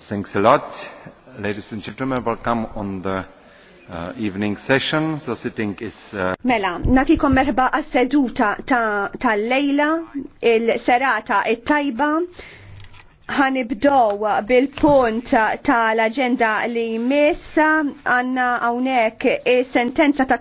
Thanks a lot. Ladies and gentlemen, welcome on the uh, evening session. The sitting is... Uh... Mela, natikom merba għas-seduta tal-lejla, ta il-serata, il-tajba. Ħanibdow bil-punt tal-agenda li messa għanna għawnek il-sentenza ta'